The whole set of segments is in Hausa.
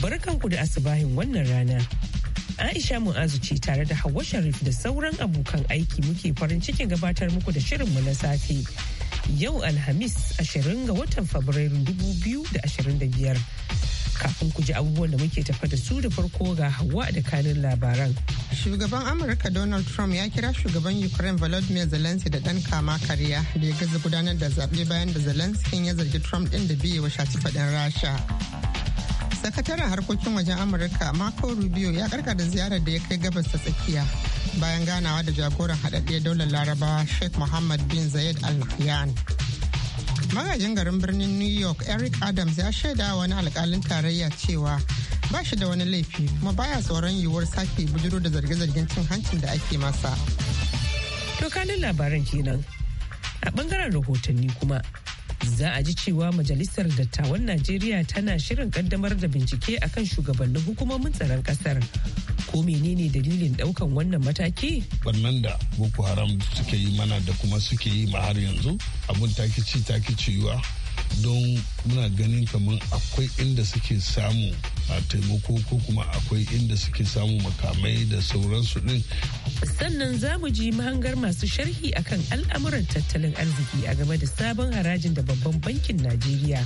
Barkanku da asubahin wannan rana. Aisha Mu'azu ce tare da Hauwa Sharif da sauran abokan aiki muke farin cikin gabatar muku da shirinmu na safe. Yau Alhamis 20 ga watan Fabrairu 2025. Kafin ku ji abubuwan da muke tafa da su da farko ga Hauwa da kanin labaran. Shugaban Amurka Donald Trump ya kira shugaban Ukraine Volodymyr Zelensky da ɗan kama karya da ya gaza gudanar da zaɓe bayan da Zelensky ya zargi Trump ɗin da biyewa shafi faɗin Rasha. sakataren harkokin wajen amurka marco rubio ya da ziyarar da ya kai gabas ta tsakiya bayan ganawa da jagoran haɗaɗɗiyar daular larabawa sheikh mohammed bin zayed al nahyan magajin garin birnin new york eric adams ya shaida wani alkalin tarayya cewa ba shi da wani laifi kuma baya tsoron yiwuwar sake bujiro da zarge-zargen cin hancin da ake masa to kanin labaran kenan a bangaren rahotanni kuma za a ji cewa majalisar dattawan najeriya tana shirin kaddamar da bincike akan shugabannin hukumomin tsaron kasar ko menene dalilin daukan wannan mataki wannan da boko haram suke yi mana da kuma suke yi ma har yanzu abun takici takici don muna ganin kamar akwai inda suke samu a taimako ko kuma akwai inda suke samu makamai da sauransu din. Sannan za mu ji mahangar masu sharhi akan al'amuran tattalin arziki a game da sabon harajin da babban bankin Najeriya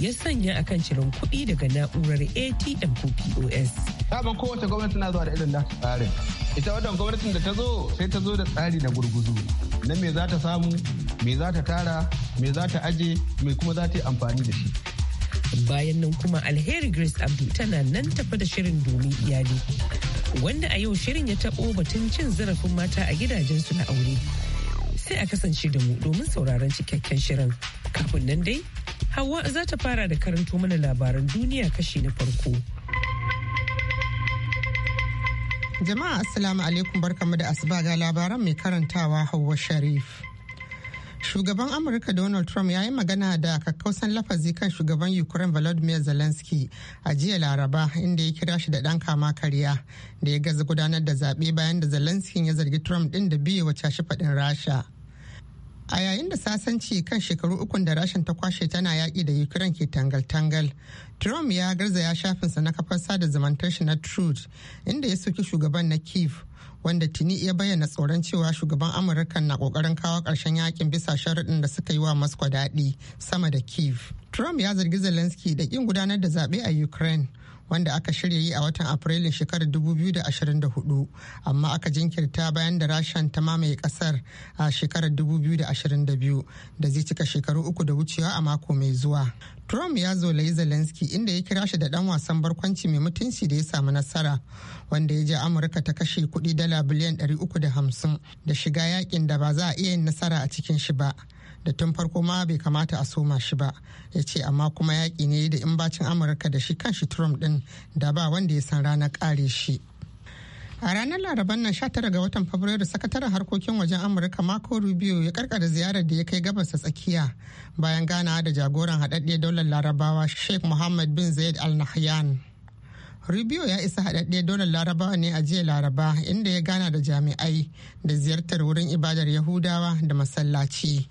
ya sanya akan cirin kuɗi daga na'urar ATM ko POS. Sabon kowace gwamnati na zuwa da irin nasu tsarin. Ita wannan gwamnatin da ta zo sai ta zo da tsari na gurguzu. Na me za ta samu, me za ta tara, me za ta aje, me kuma za ta yi amfani da shi. bayan nan kuma alheri grace abdu tana nan tafa da shirin domin iyali wanda a yau shirin ya taɓo batun cin zarafin mata a gidajensu na aure sai a kasance da mu domin sauraron cikakken shirin kafin nan dai hawa za ta fara da karanto mana labaran duniya kashi na farko jama'a assalamu alaikum barkamu da asuba labaran mai karantawa hawa sharif Shugaban Amurka Donald Trump ya yi magana da kakkausan lafazi kan shugaban Ukraine Volodymyr Zelensky a jiya Laraba inda ya kira shi da ɗan kama karya da ya gaza gudanar da zaɓe bayan da Zelensky ya zargi Trump ɗin da biye wa cashe faɗin Rasha. A yayin da sasanci kan shekaru ukun da rashin ta kwashe tana yaƙi da Ukraine ke tangal-tangal, Trump ya garzaya shafinsa na kafar sada zumuntar shi na Truth inda ya soki shugaban na Kiev. wanda tuni ya bayyana tsoron cewa shugaban amurka na kokarin kawo ƙarshen yakin bisa sharaɗin da suka yi wa moscow daɗi sama da kiev trump ya zargi zelensky da ƙin gudanar da zaɓe a ukraine wanda aka shirya yi a watan afrilun shekarar 2024 amma aka jinkirta bayan da rashan ta mamaye kasar a shekarar 2022 da zai cika shekaru uku da wucewa a mako mai zuwa trump ya zo zolayi zelensky inda ya kira shi da dan wasan barkwanci mai mutunci da ya samu nasara wanda ya je amurka ta kashe kudi dala biliyan 350 da shiga yakin da ba za a iya yin nasara a cikin shi ba da tun farko ma bai kamata a soma shi ba ya ce amma kuma yaƙi ne da in bacin amurka da shi kanshi trump din da ba wanda ya san ranar ƙare shi a ranar laraban nan 19 ga watan fabrairu sakataren harkokin wajen amurka marco rubio ya karkara ziyarar da ya kai gabas tsakiya bayan ganawa da jagoran haɗaɗɗiyar daular larabawa sheikh muhammad bin zayed al nahyan Rubio ya isa haɗaɗɗe dolar larabawa ne a jiya Laraba inda ya gana da jami'ai da ziyartar wurin ibadar Yahudawa da masallaci.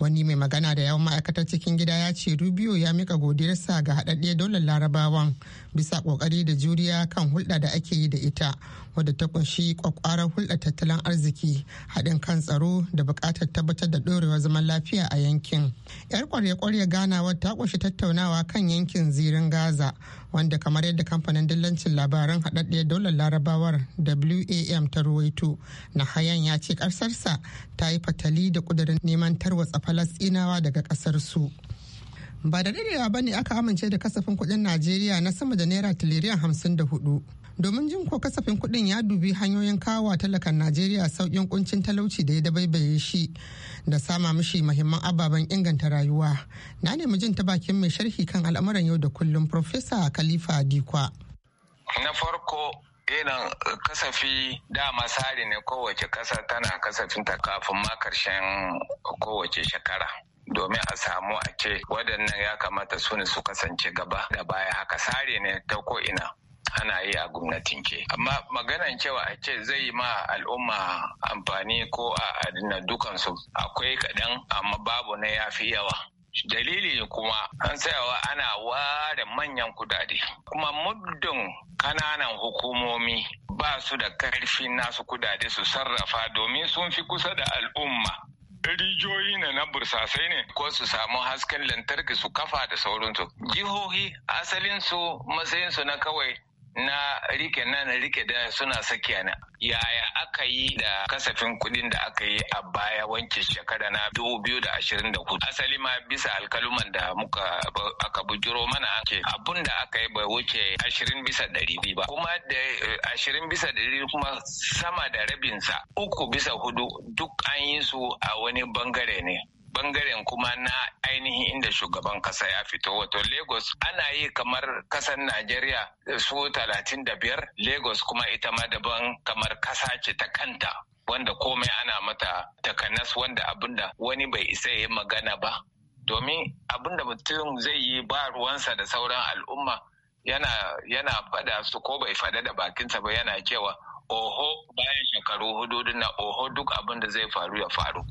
wani mai magana da yawan ma'aikatar cikin gida ya ce rubio ya mika godiyarsa ga haɗaɗɗiyar daular larabawan bisa ƙoƙari da juriya kan hulɗa da ake yi da ita wadda ta kunshi ƙwaƙwarar hulɗa tattalin arziki haɗin kan tsaro da buƙatar tabbatar da ɗorewar zaman lafiya a yankin yar ƙwarya-ƙwarya ganawar ta ƙunshi tattaunawa kan yankin zirin gaza wanda kamar yadda kamfanin dillancin labaran haɗaɗɗiyar daular larabawar wam ta ruwaito na hayan ya ce ƙasarsa ta yi fatali da ƙudurin neman tarwatsa falastinawa daga su ba da daɗewa ba ne aka amince da kasafin kuɗin najeriya na sama da naira tiliriyan hamsin da hudu domin jin ko kasafin kuɗin ya dubi hanyoyin kawo talakan najeriya sauƙin kuncin talauci da ya dabaibaye shi da sama mishi mahimman ababen inganta rayuwa na nemi jin ta bakin mai sharhi kan al'amuran yau da kullum Profesa Khalifa Dikwa. Na farko irin kasafi dama tsari ne kowace kasa tana kasafin ta kafin makarshen kowace shekara. domin a samu a ce waɗannan ya kamata su ne su kasance gaba da baya haka sare ne ta ko'ina ana yi a gwamnatin ke amma maganan cewa a ce zai ma al'umma amfani ko a na dukansu akwai kaɗan amma babu na yafi yawa dalili kuma an tsayawa ana ware manyan kudade kuma muddin kananan hukumomi ba su da karfi nasu kudade su sarrafa domin sun fi kusa da al'umma rijiyoyi na na bursasai ne ko su samu hasken lantarki su kafa da sauransu jihohi asalinsu matsayinsu na kawai na rike nan rike da suna sakiya na yaya aka yi da kasafin kuɗin da aka yi a baya wanke shekara na 2024 asali ma bisa alkaluman da muka aka bujiro mana ake abun da aka yi bai wuce 20 bisa 100 ba kuma da 20 eh, bisa 100 kuma sama da rabinsa uku bisa hudu duk an yi su a wani bangare ne bangaren kuma na ainihin inda shugaban kasa ya fito wato lagos ana yi kamar kasar najeriya su talatin da biyar lagos kuma ita ma daban kamar kasa ce ta kanta wanda komai ana mata takanas wanda abinda wani bai isa ya magana ba domin abinda mutum zai yi ba ruwansa da sauran al'umma yana yana fada su ko bai fada da bakinsa ba yana cewa oho bayan shekaru hudu na oho duk abin da zai faru ya faru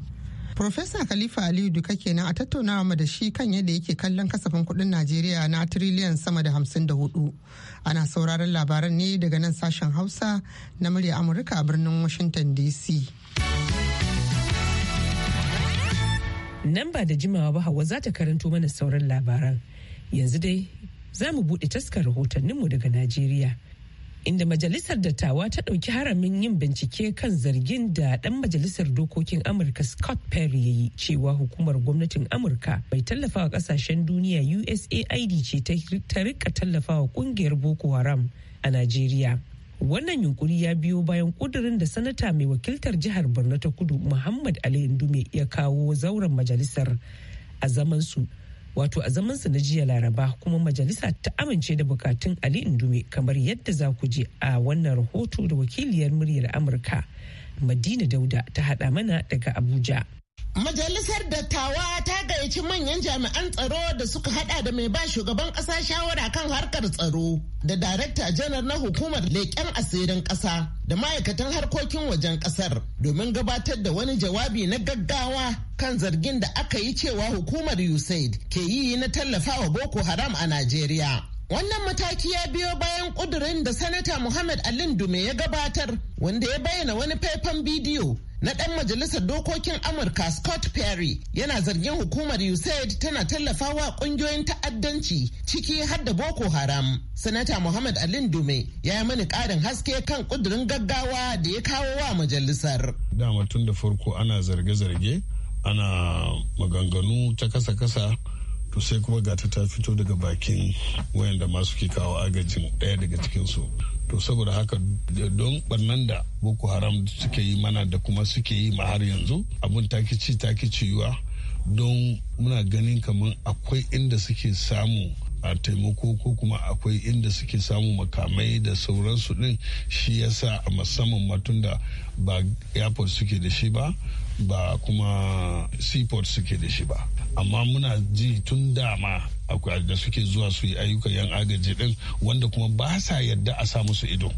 Profesa Khalifa Aliyu Duka kenan a tattaunawa mu da shi kan yadda yake kallon kasafin kuɗin Najeriya na triliyan sama da hamsin da hudu. Ana sauraron labaran ne daga nan sashen Hausa na murya Amurka a birnin Washington DC. Nan ba da jimawa ba Hauwa za ta karanto mana sauran labaran. Yanzu dai za mu buɗe taskar rahotanninmu daga Najeriya. inda majalisar dattawa ta ɗauki haramin yin bincike kan zargin da ɗan majalisar dokokin amurka scott perry ya yi cewa hukumar gwamnatin amurka mai tallafawa ƙasashen duniya usaid ce ta rika tallafawa ƙungiyar boko haram a najeriya wannan yunkuri ya biyo bayan ƙudurin da sanata mai wakiltar jihar borno ta kudu muhammad ali indume ya kawo zauren majalisar a zaman su wato a zamansa na jiya laraba kuma majalisa ta amince da bukatun ali indume kamar yadda za ku je a wannan rahoto da wakiliyar muryar amurka madina dauda ta haɗa mana daga abuja Majalisar Dattawa ta gayyaci manyan jami'an tsaro da suka hada da mai ba shugaban kasa shawara kan harkar tsaro da darakta janar na hukumar leƙen asirin ƙasa da ma'aikatan harkokin wajen ƙasar domin gabatar da wani jawabi na gaggawa kan zargin da aka yi cewa hukumar USAID ke yi na tallafawa Boko Haram a Najeriya. Wannan mataki ya biyo bayan ƙudurin da Sanata Muhammad Alin Dume ya gabatar wanda ya bayyana wani faifan bidiyo na ɗan majalisar dokokin Amurka Scott Perry yana zargin hukumar USAID tana tallafawa ƙungiyoyin ta'addanci ciki har da Boko Haram. Sanata Muhammad Alin Dume ya yi mani ƙarin haske kan ƙudurin gaggawa da ya kawo wa majalisar. Dama tun da farko ana zarge-zarge ana maganganu ta kasa-kasa to sai kuma gata ta fito daga bakin wayanda masu ke kawo agajin daya daga cikinsu to saboda haka don barnan da boko haram suke yi mana da kuma suke yi ma har yanzu abun takici takici yiwa don muna ganin kamar akwai inda suke samu a taimako ko kuma akwai inda suke samu makamai da sauransu din shi yasa a musamman matunda ba airport suke da shi ba ba kuma seaport suke da shi ba amma muna ji tun dama akwai da suke zuwa su yi ayyukan yan agaji din wanda kuma ba sa yadda a sa musu ido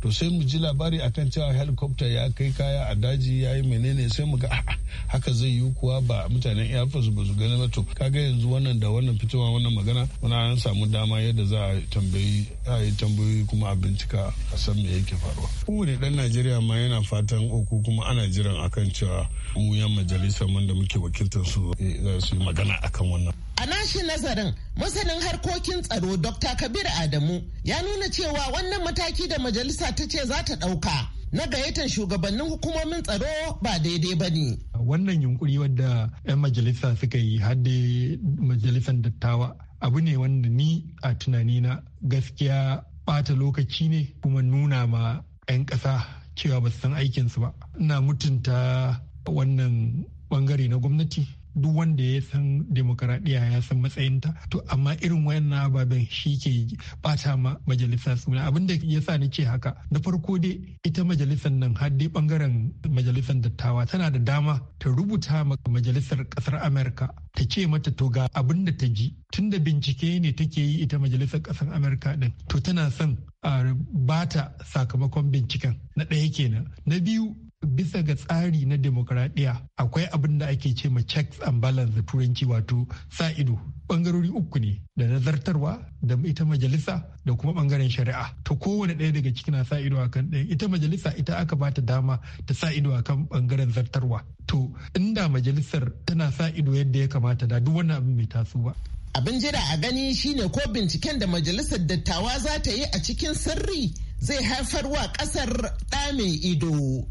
to sai mu ji labari akan cewa helicopter ya kai kaya a daji ya yi menene sai mu ga ah, ah, haka zai yi kuwa ba mutanen iya force ba su gani ba to kaga yanzu wannan da wannan fitowa wannan magana wani an samu dama yadda za a tambayi a yi tambayoyi kuma a bincika a san me yake faruwa kowane dan najeriya ma yana fatan uku kuma ana jiran akan cewa mu yan majalisar mun da muke wakiltar su eh, za su yi magana akan wannan A nashi nazarin masanin harkokin tsaro Dr. Kabir Adamu ya nuna cewa wannan mataki da majalisa ta ce za ta ɗauka na gayyatar shugabannin hukumomin tsaro ba daidai ba ne. Wannan yunkuri wadda 'yan majalisa suka yi hadde majalisar dattawa abu ne wanda ni a tunani na gaskiya bata lokaci ne kuma nuna ma 'yan ƙasa cewa ba su san aikinsu ba. Ina mutunta wannan bangare na gwamnati duk wanda ya san demokaradiyya ya san matsayinta to amma irin wayannan ababen shi ke bata ma majalisa suna abin da ya sa ni ce haka na farko dai ita majalisar nan har dai bangaren majalisar dattawa tana da dama ta rubuta ma majalisar kasar amurka ta ce mata to ga abin da ta ji tunda bincike ne take yi ita majalisar kasar amurka din to tana son a bata sakamakon binciken na ɗaya kenan na biyu bisa ga tsari na demokradiyya akwai abin da ake ce ma checks and balance da turanci wato sa ido bangarori uku ne da nazartarwa da ita majalisa da kuma bangaren shari'a to kowane ɗaya daga ciki na sa ido akan ɗaya ita majalisa ita aka ba ta dama ta sa ido akan bangaren zartarwa to inda majalisar tana sa ido yadda ya kamata da duk wannan abin bai taso ba abin jira a gani shine ko binciken da majalisar dattawa za ta yi a cikin sirri zai haifar wa ƙasar ɗa mai ido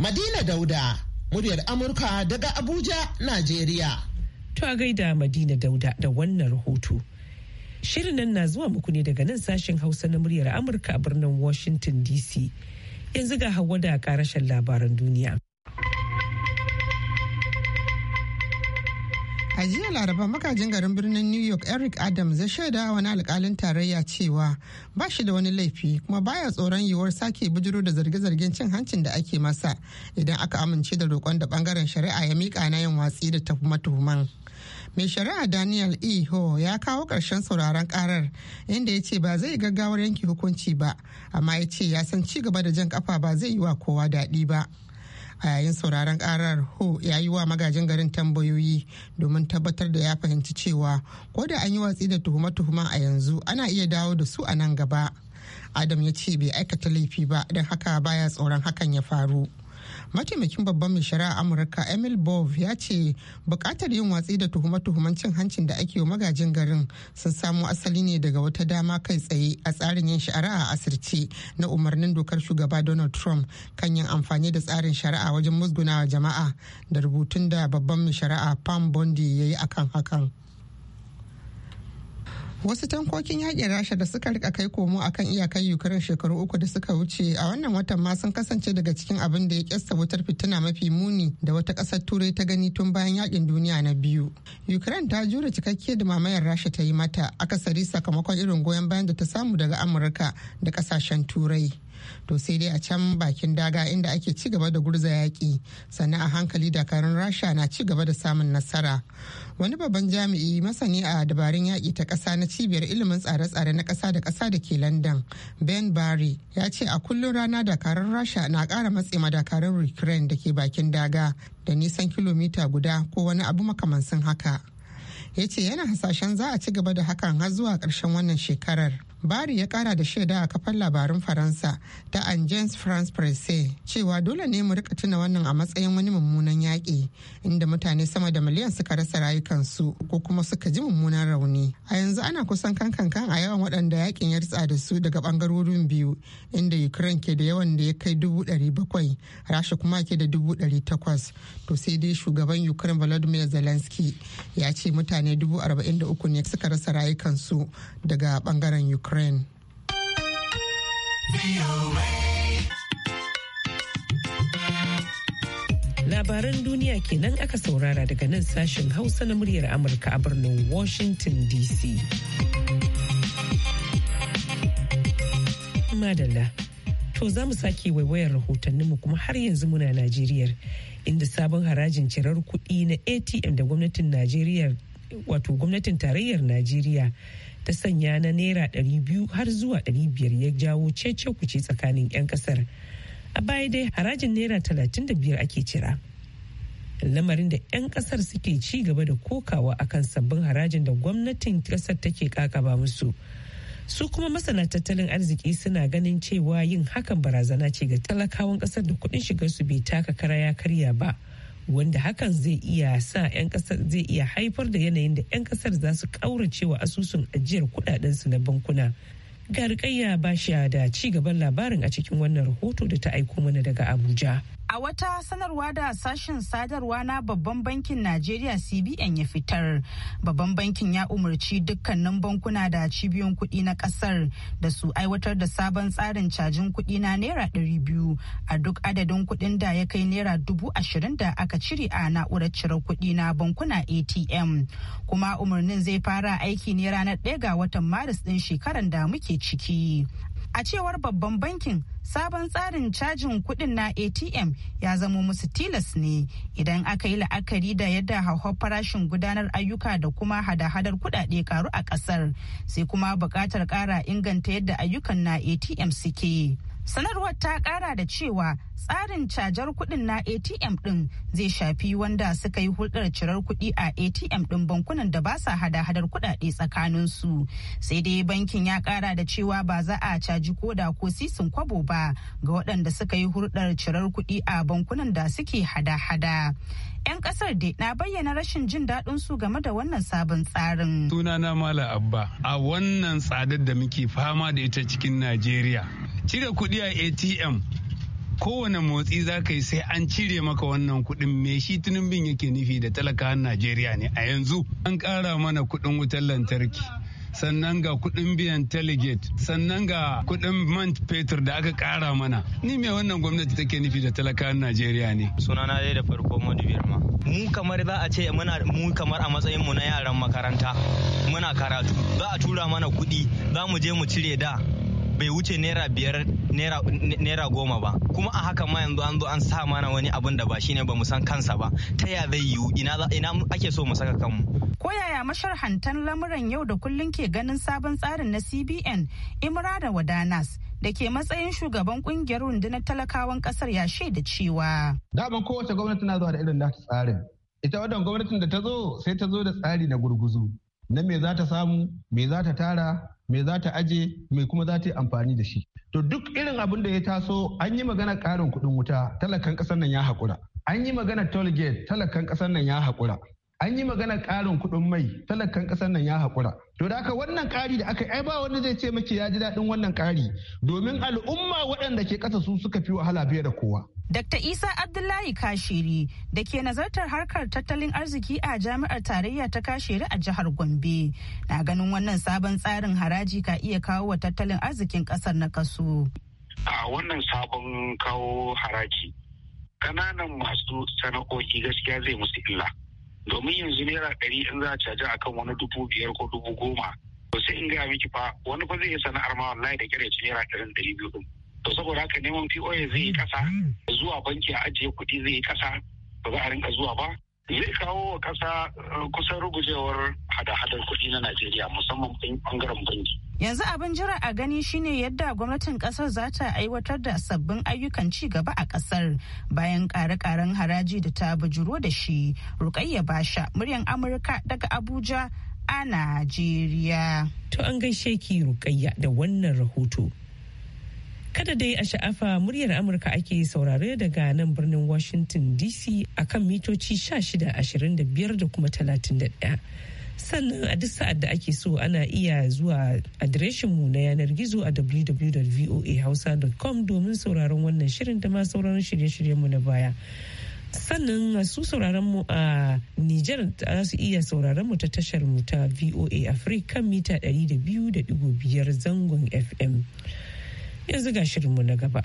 Madina Dauda, muryar Amurka daga Abuja, Najeriya. To a gaida Madina Dauda da wannan rahoto. Shirin nan na zuwa muku ne daga nan sashen Hausa na muryar Amurka a birnin Washington DC. Yanzu ga hawa da karashen labaran duniya. a jiya laraba magajin garin birnin new york eric adams ya shaida wani alkalin tarayya cewa ba shi da wani laifi kuma baya tsoron yiwuwar sake bijiro da zarge-zargen cin hancin da ake masa idan aka amince da roƙon da bangaren shari'a ya miƙa na yin watsi da tuhuma-tuhuman mai shari'a daniel e ho ya kawo ƙarshen sauraron karar inda ya ce ba zai gaggawar yanke hukunci ba amma ya ce ya san ci gaba da jan kafa ba zai yi wa kowa daɗi ba a yayin sauraron karar ho ya yi wa magajin garin tambayoyi domin tabbatar da ya fahimci cewa ko da an yi watsi da tuhuma-tuhuma a yanzu ana iya dawo da su a nan gaba adam ya ce bai aikata laifi ba don haka baya tsoron hakan ya faru mataimakin babban mai shari'a amurka emil bov ya ce bukatar yin watsi da tuhume-tuhumen cin hancin da ake magajin garin sun samo asali ne daga wata dama kai tsaye a tsarin yin shari'a a asirce na umarnin dokar shugaba donald trump kan yin amfani da tsarin shari'a wajen musgunawa jama'a da rubutun da babban mai shari'a pam bondi ya yi akan hakan wasu tankokin yakin rasha da suka rika kai komo a kan iyakar ukraine shekaru uku da suka wuce a wannan watan ma sun kasance daga cikin abin da ya kyasta wutar fitina mafi muni da wata kasar turai ta gani tun bayan yakin duniya na biyu ukraine ta jure cikakke da mamayar rasha ta yi mata akasari sakamakon irin goyon bayan da ta samu daga amurka da kasashen turai to sai dai a can bakin daga inda ake ci gaba da gurza yaƙi sannan a hankali dakarun rasha na ci gaba da samun nasara wani babban jami'i masani a dabarun yaƙi ta ƙasa na cibiyar ilimin tsare-tsare na ƙasa da ƙasa da ke london ben Bari ya ce a kullum rana dakarun rasha na ƙara matse dakarun ukraine da ke bakin daga da nisan kilomita guda ko wani abu makamansin haka ya ce yana hasashen za a ci gaba da hakan har zuwa ƙarshen wannan shekarar bari ya kara da shaida a kafar labarin faransa ta agence france presse cewa dole ne mu rika tuna wannan a matsayin wani mummunan yaƙi inda mutane sama da miliyan suka rasa rayukansu ko kuma suka ji mummunan rauni a yanzu ana kusan kankan a yawan waɗanda yaƙin ya ritsa da su daga bangarorin biyu inda ukraine ke da yawan da ya kai dubu ɗari bakwai rasha kuma ke da dubu ɗari takwas to sai dai shugaban ukraine volodymyr zelensky ya ce mutane dubu arba'in da uku ne suka rasa rayukansu daga bangaren ukraine Ukraine. Labaran duniya kenan aka saurara daga nan sashen Hausa na muryar Amurka a birnin Washington DC. Madalla. To za mu sake waiwayar rahotanninmu kuma har yanzu muna Najeriya inda sabon harajin cirar kuɗi na ATM da gwamnatin Najeriya wato gwamnatin tarayyar Najeriya ta sanya na naira 200 har zuwa 500 ya jawo cece kuce tsakanin 'yan kasar a baya dai harajin naira 35 ake cira lamarin da 'yan kasar suke ci gaba da kokawa akan sabbin harajin da gwamnatin kasar take kakaba musu su kuma masana tattalin arziki suna ganin cewa yin hakan barazana ce ga talakawan kasar da kudin shigar su bai taka kara ya karya ba. wanda hakan zai iya sa 'yan kasar zai iya haifar da yanayin da 'yan kasar za su kaurace wa asusun ajiyar su na bankuna ga rikayya ba shi da ci gaban labarin a cikin wannan rahoto da ta aiko mana daga abuja A wata sanarwa da sashen sadarwa na babban bankin Najeriya CBN ya fitar, babban bankin ya umarci dukkanin bankuna da cibiyoyin kuɗi na ƙasar da su aiwatar da sabon tsarin cajin kuɗi na Naira ɗari biyu a duk adadin kuɗin da ya kai Naira dubu ashirin da aka cire a na'urar cire kuɗi na bankuna ATM. Kuma umarnin zai fara aiki ne ranar ɗaya ga watan Maris ɗin shekaran da muke ciki. a cewar babban bankin sabon tsarin cajin kudin na atm ya zamo musu tilas ne idan aka yi la'akari da yadda hauhawar farashin gudanar ayyuka da kuma hada-hadar kudade karu a kasar sai kuma buƙatar ƙara inganta yadda ayyukan na atm suke sanarwar ta ƙara da cewa tsarin cajar kudin na atm din zai shafi wanda suka yi hulɗar cirar kudi a atm din bankunan da ba sa hada-hadar kuɗaɗe su sai dai bankin ya kara da cewa ba za a caji koda ko sisin kwabo ba ga waɗanda suka yi hulɗar cirar kudi a bankunan da suke hada-hada 'yan kasar da na bayyana rashin jin daɗin su game da wannan sabon tsarin. Sunana Mala Abba, a wannan tsadar da muke fama da ita cikin Najeriya. Cire kudi a ATM kowane motsi za ka yi sai an cire maka wannan kuɗin me shi bin yake nufi da talakawan najeriya ne a yanzu an ƙara mana kuɗin wutar lantarki sannan ga kuɗin biyan telegate sannan ga kuɗin man fetur da aka ƙara mana ni me wannan gwamnati take nufi da talakawan najeriya ne sunana dai da farko madu ma mu kamar za a ce muna mu kamar a matsayin mu na yaran makaranta muna karatu za a tura mana kuɗi za mu je mu cire da bai wuce naira biyar naira goma ba kuma a haka ma yanzu an zo an sa mana wani abun da ba shine ba mu san kansa ba ta ya zai yiwu ina ake so mu saka kanmu ko yaya masharhantan lamuran yau da kullun ke ganin sabon tsarin na cbn imra da wadanas da ke matsayin shugaban kungiyar rundunar talakawan kasar ya shaida cewa ban kowace gwamnati na zuwa da irin nata tsarin ita wannan gwamnatin da ta zo sai ta zo da tsari na gurguzu na me za ta samu me za ta tara me za ta aje me kuma za ta yi amfani da shi to duk irin abin da ya taso an yi magana karin kuɗin wuta talakan ƙasar nan ya haƙura an yi magana toll gate talakan ƙasar nan ya haƙura an yi magana ƙarin kuɗin mai talakan ƙasar nan ya haƙura to da haka wannan ƙari da aka ai ba wanda zai ce miki ya ji daɗin wannan ƙari domin al'umma waɗanda ke ƙasa su suka fi wahala fiye da kowa Dr. Isa Abdullahi Kashiri da ke nazartar harkar tattalin arziki a jami'ar tarayya ta Kashiri a jihar Gombe na ganin wannan sabon tsarin haraji ka iya kawo wa tattalin arzikin ƙasar na kaso. A wannan sabon kawo haraji, ƙananan masu sana'o'i gaskiya zai musu illa. domin yanzu naira ɗari in za a caji a kan wani dubu biyar ko dubu goma to sai in gaya miki fa wani fa zai yi sana'ar ma wallahi da kira ci naira ɗarin ɗari biyu ɗin to saboda haka neman POS zai yi ƙasa zuwa banki a ajiye kuɗi zai yi ƙasa ba za a rinka zuwa ba zai kawo wa ƙasa eh, kusan rugujewar hada-hadar kuɗi na Najeriya musamman ɓangaren banki. yanzu abin jira a gani shine yadda gwamnatin kasar za ta aiwatar da sabbin ayyukan ci gaba a kasar bayan kare-karen haraji da ta bujuro da shi rukayya basha muryan amurka daga abuja a najeriya to an gaishe ki rukayya da wannan rahoto kada dai a sha'afa muryar amurka ake saurare daga nan birnin washington dc akan mitoci 1625 da kuma 31 sannan a duk sa'ad da ake so ana iya zuwa adireshin mu na yanar gizo a www.voahausa.com domin sauraron wannan shirin da ma sauraron shirye-shiryenmu na baya sannan su sauraron mu a Nijar za su iya sauraron mu ta tashar mu ta VOA Africa kan mita 200.5 zangon FM yanzu ga shirinmu na gaba.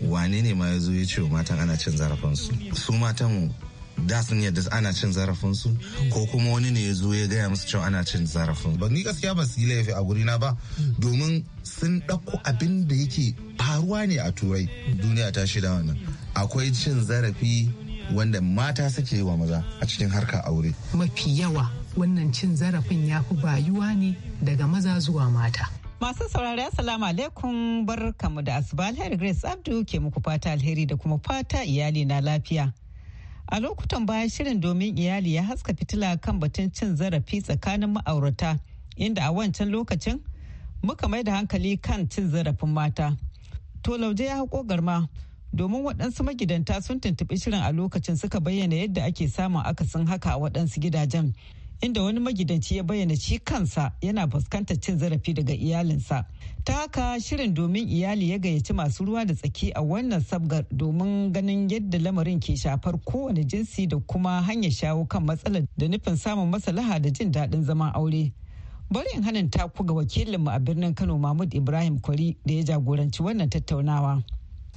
wane ne ma ya zo ya ce wa matan ana cin zarafinsu su matan da sun yadda ana cin zarafinsu ko kuma wani ne ya zo ya gaya musu cewa ana cin zarafin ba ni gaskiya ba su yi laifi a gurina ba domin sun ɗauko abin da yake faruwa ne a turai duniya ta shida wannan akwai cin zarafi wanda mata suke yi wa maza a cikin harka aure mafi yawa wannan cin zarafin ya fi bayuwa ne daga maza zuwa mata Masu saurari Assalamu alaikum bar kamu da asuba alheri Grace Abdu ke muku fata alheri da kuma fata iyali na lafiya. A lokutan baya shirin domin iyali ya haska fitila kan batun cin zarafi tsakanin ma'aurata inda a wancan lokacin muka mai da hankali kan cin zarafin mata. To lauje ya haƙo garma domin waɗansu magidanta sun tuntuɓi shirin a lokacin suka bayyana yadda ake samun akasin haka a waɗansu gidajen. inda wani magidanci ya bayyana shi kansa yana fuskantar cin zarafi daga iyalinsa. Ta haka shirin domin iyali ya gayyaci masu ruwa da tsaki a wannan sabgar domin ganin yadda lamarin ke shafar kowane jinsi da kuma hanyar shawo kan matsalar da nufin samun maslaha da jin daɗin zaman aure. Bari in hanin taku ga wakilinmu a birnin Kano Mahmud Ibrahim Kwari da ya jagoranci wannan tattaunawa.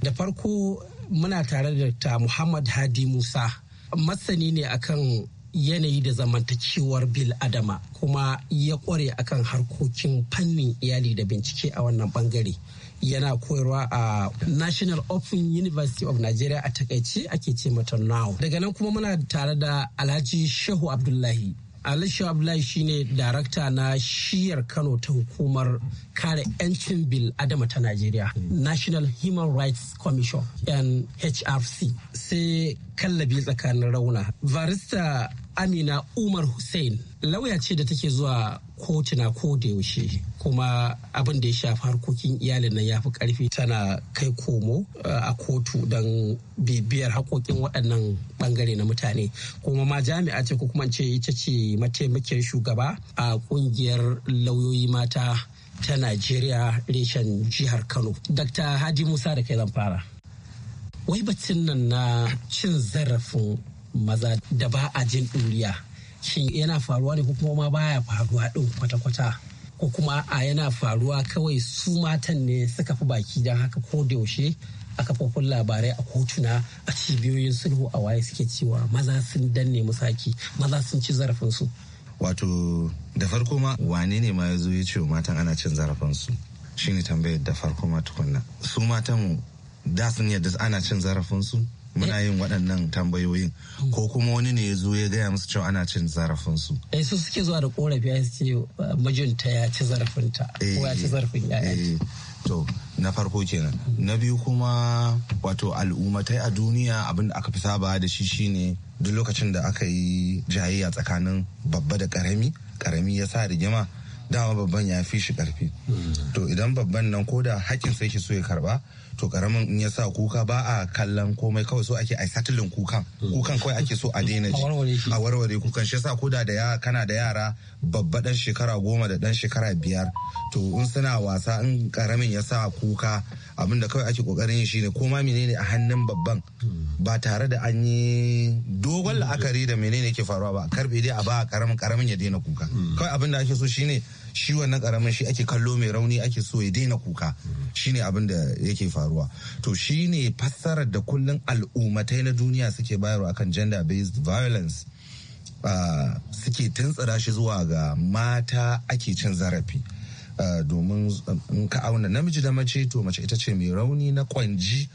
Da farko muna tare da ta Muhammad Hadi Musa masani ne akan yanayi da zamantakewar bil adama kuma ya kware akan harkokin fannin iyali da bincike a wannan bangare yana koyarwa a national open university of nigeria a takaice ake ce mata now daga nan kuma muna tare da alhaji shehu abdullahi Alisha Abdullahi shine darakta na shiyar Kano ta hukumar kare 'yancin bil adama ta nigeria. National Human Rights Commission NHRC. Sai kallabi tsakanin rauna. Varista amina umar hussein lauya ce da take zuwa kotuna ko da yaushe kuma abin da ya shafi harkokin iyalin nan ya fi karfi tana kai komo uh, a kotu don bibiyar hakokin waɗannan bangare na mutane kuma ma jami'a ce ko kuma ce ita ce mataimakiyar shugaba a ƙungiyar lauyoyi mata ta najeriya reshen jihar kano dr hadi musa da kai zan fara wai batun nan na cin zarafin maza da ba a jin ɗuriya shin yana faruwa ne ko kuma ma baya faruwa ɗin kwata-kwata ko kuma a yana faruwa kawai su matan ne suka fi baki don haka ko da yaushe a kafofin labarai a kotuna a cibiyoyin sulhu a waye suke cewa maza sun danne musaki maza sun ci zarafinsu wato da farko ma wane ne ma ya zo ya ce matan ana cin zarafinsu shine tambayar da farko ma tukunna su matan da sun yadda ana cin zarafinsu muna yin waɗannan tambayoyin ko kuma wani ne ya zo ya gaya musu cewa ana cin zarafin su eh, su suke zuwa da korafi a ce ah, mijinta ya ci zarafinta ko ya ci eh, zarafin ya'ya eh, to na farko kenan na biyu kuma wato al'ummatai a duniya abin da aka fi saba da shi shine duk lokacin da aka yi jayayya tsakanin babba da karami karami ya sa rigima dama babban ya fi shi karfi hmm. to idan babban nan ko da hakkin sai shi so ya karba to karamin in ya sa kuka ba a kallon komai kawai so ake a satilin kukan kukan kawai ake so a daina ji a warware kukan shi yasa koda da kana da yara babba dan shekara goma da dan shekara biyar to in suna wasa in karamin ya sa kuka abin da kawai ake kokarin yin shine koma menene a hannun babban ba tare da an yi dogon la'akari da menene ke faruwa ba karbe dai a ba karamin karamin ya daina kuka kawai abin da ake so shine shi wannan karamin shi ake kallo mai rauni ake so ya daina kuka shine abin da yake faruwa to shi ne fassarar da kullun al'ummatai na duniya suke bayarwa akan gender based violence uh, suke tuntsira shi zuwa ga mata ake cin zarafi uh, domin in ka auna namiji da mace to mace ita ce mai rauni na kwanji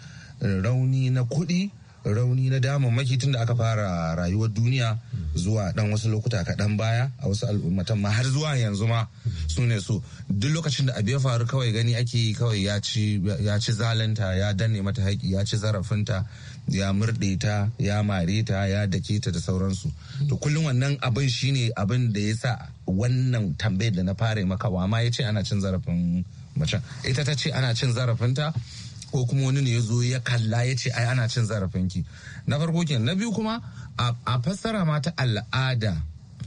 rauni na kuɗi rauni na maki tun da aka fara rayuwar duniya zuwa dan wasu lokuta kaɗan baya a wasu al'ummatan ma har zuwa yanzu ma su ne su duk lokacin da abu ya faru kawai gani ake yi kawai ya ci zalunta ya danne mata haƙi ya ci zarafinta ya murɗe ta ya mare ta ya dake ta da sauransu to kullum wannan abin shine abin da ya sa wannan tambayar da na fara maka wa ma ya ce ana cin zarafin macen ita ta ce ana cin zarafinta ko kuma wani ne ya zo ya kalla ya ce ai ana cin zarafinki na farko kenan na biyu kuma a fassara ma ta al'ada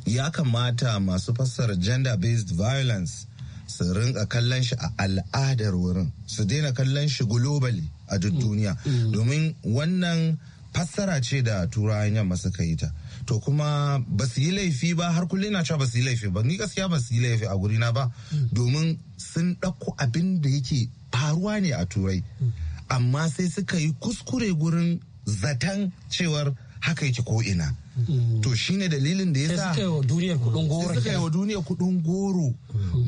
ya kamata masu fassara gender based violence su rinka kallon shi a al'adar wurin su daina kallon shi globally a duk mm. duniya mm. domin wannan fassara ce da turawan yamma suka yi ta to kuma ba su yi laifi ba har kulle na cewa ba su yi laifi ba ni gaskiya ba su yi laifi a gurina ba mm. domin sun ɗauko abin da yake faruwa ne a turai mm. amma sai suka yi kuskure gurin zaton cewar haka yake ko ina mm. to shine dalilin da ya sa suka yi wa duniyar kudin goro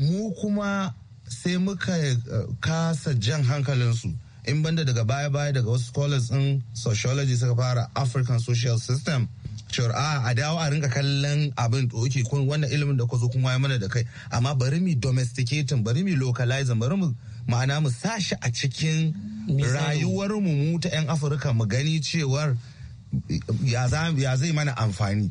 mu kuma sai muka eh, kasa jan hankalinsu in banda daga baya-baya daga wasu scholars in sociology suka fara african social system cewar a ah, a dawo a rinka kallon abin da oke kun wannan ilimin da ku zo kun waye mana da kai amma bari mu domesticating bari mu localizing bari mu ma'ana mu sashi a cikin rayuwar mu mu ta yan afirka mu gani cewar ya zai mana amfani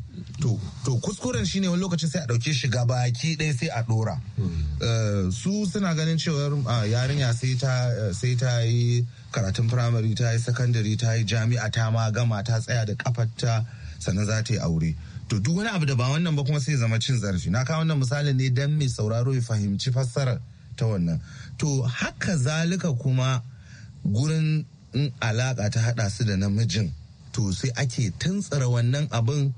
to kuskuren shine wani lokacin sai a dauke shi ga baki ɗaya sai a dora hmm. eh, su suna ganin cewar yarinya sai ta yi karatun firamare ta yi sakandare ta yi jami'a ta ma gama ta tsaya da kafarta sannan za ta yi aure to duk wani abu da ba wannan ba kuma sai zama cin zarafi na kawo wannan misali ne dan mai sauraro ya fahimci fassarar ta wannan to haka zalika kuma gurin alaka ta haɗa su da namijin to sai ake tuntsara wannan abin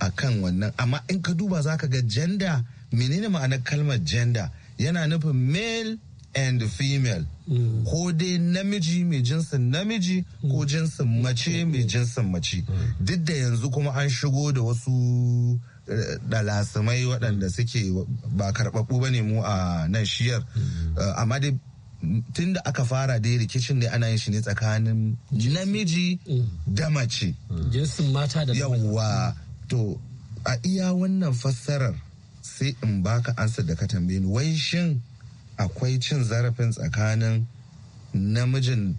a kan wannan amma in ka duba za ka ga janda menene ma'anar kalmar janda yana nufin male and female mm. ko dai namiji mai jinsin namiji ko mm. jinsin mace mai jinsin mace mm. duk da yanzu kuma an shigo da wasu dalasimai eh, waɗanda suke ba karɓaɓɓu ba ne mu a nan shiyar eh, amma dai tun da aka fara dai rikicin da ana yin shi ne tsakanin namiji da mace jinsin mata da Yawa to a iya wannan fassarar sai in baka ansa da ka tambaye ni wai shin akwai cin zarafin tsakanin namijin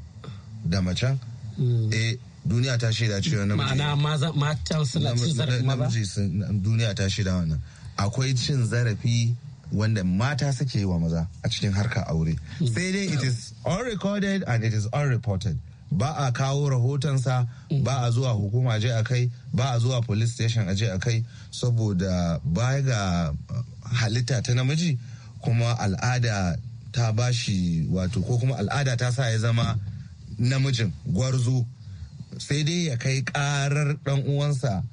da macen hmm. eh duniya ta shaida cewa namiji ma'ana matan suna cin zarafin maza duniya ta shaida wannan akwai cin zarafi wanda mata suke yi wa maza a cikin harkar aure hmm. sai dai it is all recorded and it is all reported ba a kawo rahotonsa hmm. ba a zuwa hukuma je a kai ba a zuwa police station a je a kai saboda baya ga halitta ta namiji kuma al'ada ta bashi wato ko kuma al'ada ta sa ya zama namijin gwarzo sai dai ya kai karar dan uwansa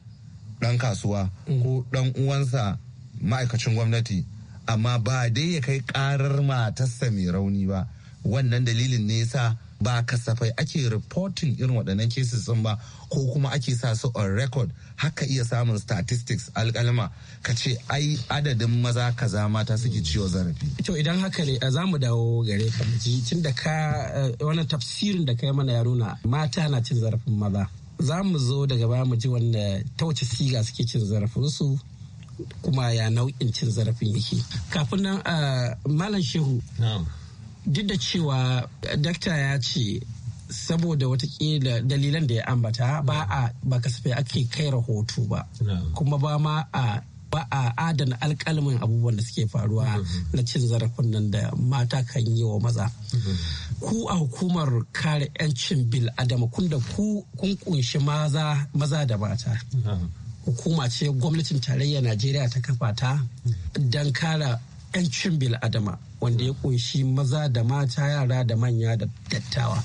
dan kasuwa ko dan uwansa ma'aikacin gwamnati amma ba dai ya kai karar matarsa mai rauni ba wannan dalilin ne yasa ba kasafai ake reporting irin waɗannan cases ɗin ba ko kuma ake sa su on record haka iya samun statistics alƙalma ka ce ai adadin maza kaza mata suke ciwo zarafi. to idan haka ne za mu dawo gare ka tun da ka eh, wannan tafsirin da kai mana ya nuna mata na cin zarafin maza za mu zo daga baya mu ji wanda ta wace siga suke cin zarafinsu kuma ya nau'in cin zarafin yake kafin nan eh, malam shehu duk da cewa eh, dakta ya ce saboda watakila dalilan da ya ambata ba a ba kasafai ake kai rahoto ba kuma ba ma a ba a adana alkalmin abubuwan da suke faruwa mhm. na cin zarafin nan da mata kan yi wa maza. Mhm. Ku a hukumar kare 'yancin bil adama kun da ku kun kunshi maza da mata. Hukuma ce gwamnatin tarayya Najeriya ta kafa ta mhm. don kare bil adama wanda ya kunshi maza da mata yara da manya da dattawa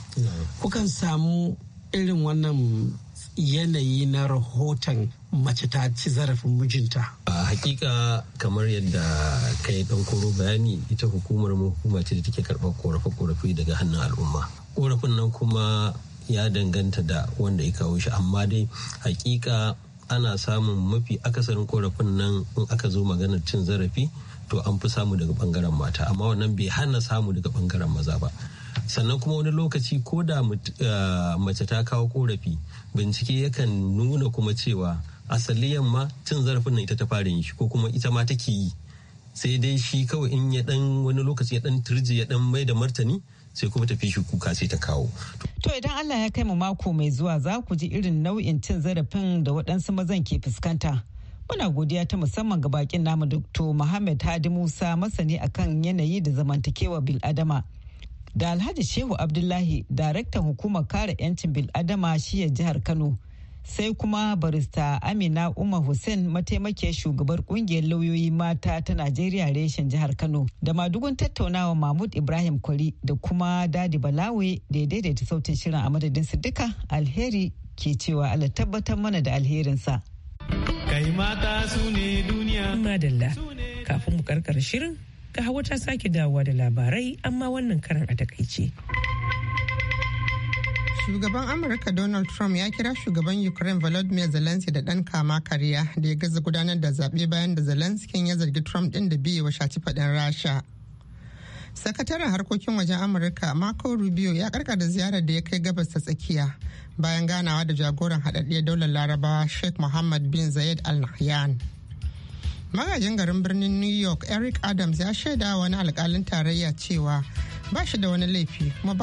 kukan samu irin wannan yanayi na rahoton mace ta ci zarafin mijinta. A hakika kamar yadda ka yi koro bayani ita hukumar mu hukuma ce da take karɓar korafe-korafe daga hannun al'umma. Korafin nan kuma ya danganta da wanda ya kawo shi amma dai hakika ana samun mafi akasarin korafin nan in aka zo maganar cin zarafi. to an fi samu daga bangaren mata amma wannan bai hana samu daga bangaren maza ba sannan kuma wani lokaci ko da eh, mace ta kawo korafi bincike yakan nuna kuma cewa asali yamma cin zarafin nan ita ta fara yi ko kuma ita ma take yi sai dai shi kawai in ya dan wani lokaci ya dan turje ya dan mai da martani sai kuma tafi shi kuka sai ta kawo. To idan Allah ya kai mu mako mai zuwa za ku ji irin nau'in cin zarafin da waɗansu mazan ke fuskanta. Muna godiya ta musamman ga bakin namu Dr. Muhammad Hadi Musa masani akan yanayi da zamantakewa bil'adama. Da Alhaji Shehu Abdullahi, daraktan hukumar kare 'yancin bil'adama shiya jihar Kano. Sai kuma barista Amina Umar Hussein mataimakiyar shugabar kungiyar lauyoyi mata ta Najeriya reshen jihar Kano da madugun tattaunawa Mahmud Ibrahim Kwari da kuma Dadi Balawe da ya sautin shirin a madadin su duka alheri ke cewa Allah tabbatar mana da alherinsa. kai mata su ne duniya madalla kafin mu karkar shirin ga hawa ta sake dawowa da labarai amma wannan karan a takaice Shugaban Amurka Donald Trump ya kira shugaban Ukraine Volodymyr Zelensky da ɗan kama karya da ya gaza gudanar da zaɓe bayan da Zelensky ya zargi Trump ɗin da biye shaci faɗin Rasha. sakataren harkokin wajen amurka marco rubio ya karkada ziyarar da ya kai gabas ta tsakiya bayan ganawa da jagoran haɗaɗɗiyar daular larabawa sheikh mohammed bin zayed al nahyan magajin garin birnin new york eric adams ya shaida wani alkalin tarayya cewa ba shi da wani laifi kuma